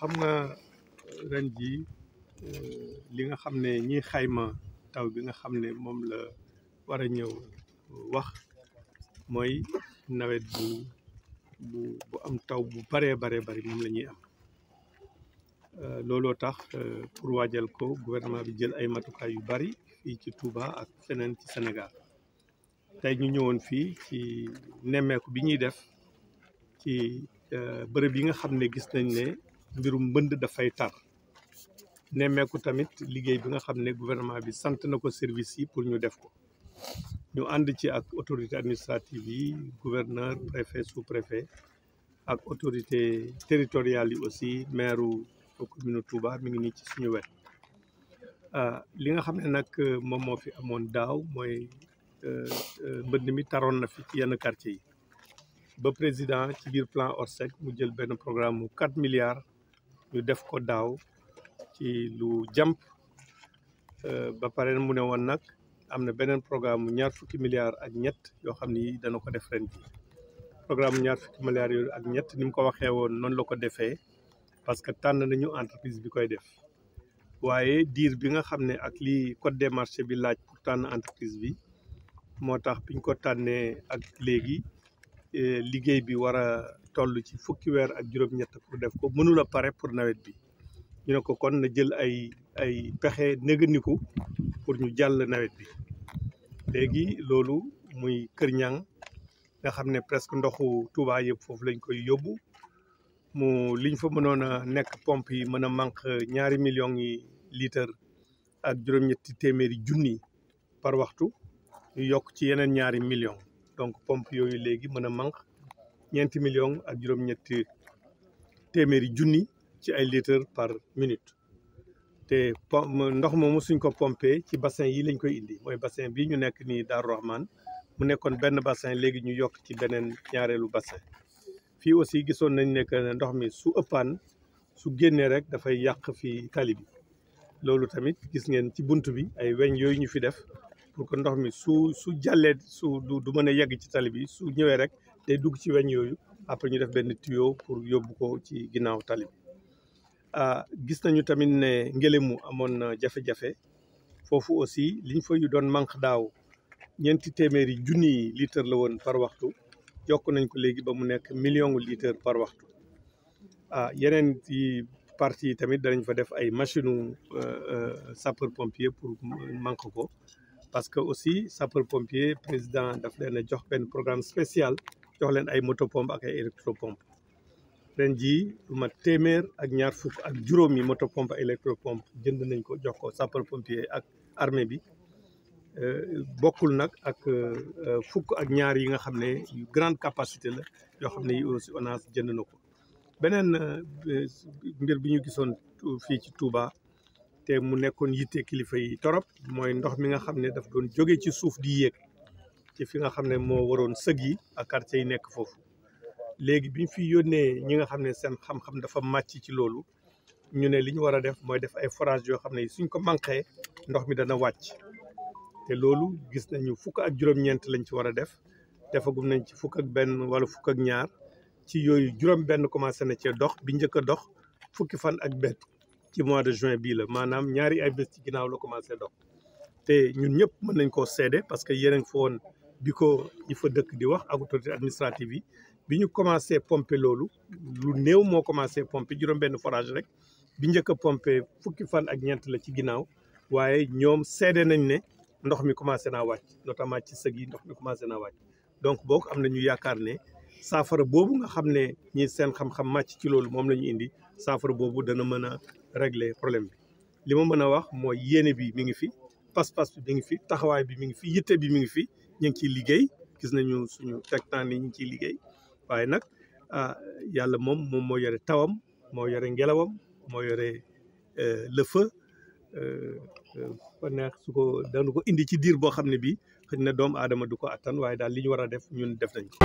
xam nga ren jii euh, li nga xam ne ñiy xayma taw bi nga xam ne moom la war a ñëw wax mooy nawet bu bu am taw bu bëree baree bëri moom la ñuy am euh, looloo tax euh, pour waajal ko gouvernement bi jël ay matukaay yu bari fii ci Touba ak feneen ci Sénégal tey ñu ñëwoon fii ci nemmeeku bi ñuy def ci bërëb yi nga xam ne gis nañ ne mbirum mbënd dafay tar nemmeeku tamit liggéey bi nga xam ne gouvernement bi sant na ko service yi pour ñu def ko ñu ànd ci ak autorité administrative yi gouverneur préfet sous-préfet ak autorité territoriale yi aussi maire commune Touba mi ngi nii ci suñu wet ah, li nga xam ne nag euh, moom moo fi amoon daaw mooy euh, euh, mbënd mi taroon na fi ci yenn quartier yi ba président ci biir plan Orsec mu jël benn programme mu 4 milliards ñu def ko daaw ci lu jàmp euh, ba pare mu ne woon nag am na beneen programme mu ñaar fukki milliards ak ñett yoo xam ni dana ko def ren ji programme ñaar fukki milliards yooyu ak ñett ni mu ko waxee woon noonu la ko defee parce que tànn nañu entreprise bi koy def waaye diir bi nga xam ne ak li code des marchés bi laaj pour tànn entreprise bi moo tax biñ ko tànnee ak léegi euh, liggéey bi war toll ci fukki weer ak juróom-ñett pour def ko mënul a pare pour nawet bi ñu ne ko kon na jël ay ay pexe néganiku pour ñu jàll nawet bi léegi loolu muy Kër Ñang nga xam ne presque ndoxu Touba yëpp foofu lañ koy yóbbu mu liñ fa mënoon a nekk pompe yi mën a manque ñaari millions yi litre ak juróom-ñetti téeméeri junni par waxtu ñu yokk ci yeneen ñaari millions donc pompe yooyu léegi mën a manque ñeenti million ak juróom-ñetti téeméeri junni ci ay litres par minute te ndox moomu suñ ko pompé ci bassin yi lañ koy indi mooy bassin bii ñu nekk nii Darou Rahman mu nekkoon benn bassin léegi ñu yokk ci beneen ñaareelu bassin fii aussi gisoon nañ ne que ndox mi su ëppaan su génnee rek dafay yàq fii tali bi loolu tamit gis ngeen ci bunt bi ay weñ yooyu ñu fi def pour que ndox mi su su jàllee su du mën a yegg ci tali bi su ñëwee rek day dugg ci weñ yooyu après ñu def benn tuyau pour yóbbu ko ci ginnaaw tali bi ah, gis nañu tamit ne Ngélémou amoon na jafe-jafe foofu aussi liñ fa doon manque daaw ñeenti téeméeri junni litre la woon par waxtu yokk nañ ko léegi ba mu nekk million litre par waxtu ah yeneen yi partie yi tamit danañ fa def ay machine u euh, euh, sapeur pompier pour manque ko parce que aussi sapeur pompier président daf leen a jox benn programme spécial jox leen ay moto pompe ak ay électropompe ren jii lu mat téeméer ak ñaar fukk ak juróomi moto pompe ak jënd nañ ko jox ko sapeur pompier ak armée bi euh, bokkul nag ak euh, euh, fukk ak ñaar yi nga xam ne grande capacité la yoo xam ne yi aussi jënd na ko beneen mbir bi ñu gisoon fii ci Touba te mu nekkoon yitte kilifa yi torop mooy ndox mi nga xam ne daf doon jóge ci suuf di yéeg ci fi nga xam ne moo waroon sëg yi ak yi nekk foofu léegi bi ñu fi yónnee ñi nga xam ne seen xam-xam dafa màcc ci loolu ñu ne li ñu war a def mooy def ay forage yoo xam ne suñ ko manqué ndox mi dana wàcc te loolu gis nañu fukk ak juróom-ñeent lañ ci war a def defagum nañ ci fukk ak benn wala fukk ak ñaar ci yooyu juróom-benn commencé na cee dox bi njëkk a dox fukki fan ak benn ci mois de juin bii la maanaam ñaari ay bés ci ginnaaw la commencé do te ñun ñëpp mën nañ koo seede parce que yéen a bi ko ñi fa dëkk di wax ak autorité administrative yi bi ñu commencé pomper loolu lu néew moo commencé pomper juróom-benn forage rek bi njëkk a fukki fan ak ñeent la ci ginnaaw waaye ñoom seede nañ ne ndox mi commencé naa wàcc notamment ci sëg yi ndox mi commencé naa wàcc donc boog am na ñu yaakaar ne saafara boobu nga xam ne ñi seen xam-xam màcc ci loolu moom la ñu indi saafara boobu dana mën a régler problème bi li ma mën a wax mooy yéene bi mi ngi fi pas-pas bi mi fi taxawaay bi mi ngi fi yitte bi mi ngi fi ñu ngi ciy liggéey gis nañu suñu tegtaan ni ñu ngi ciy liggéey waaye nag ah, yàlla moom moom moo yore tawam moo yore ngelawam moo yore euh, le feu euh, euh, su ko dañu ko indi ci diir boo xam ne bii xëy na doom aadama du ko attan waaye daal li ñu war a def ñun def nañ ko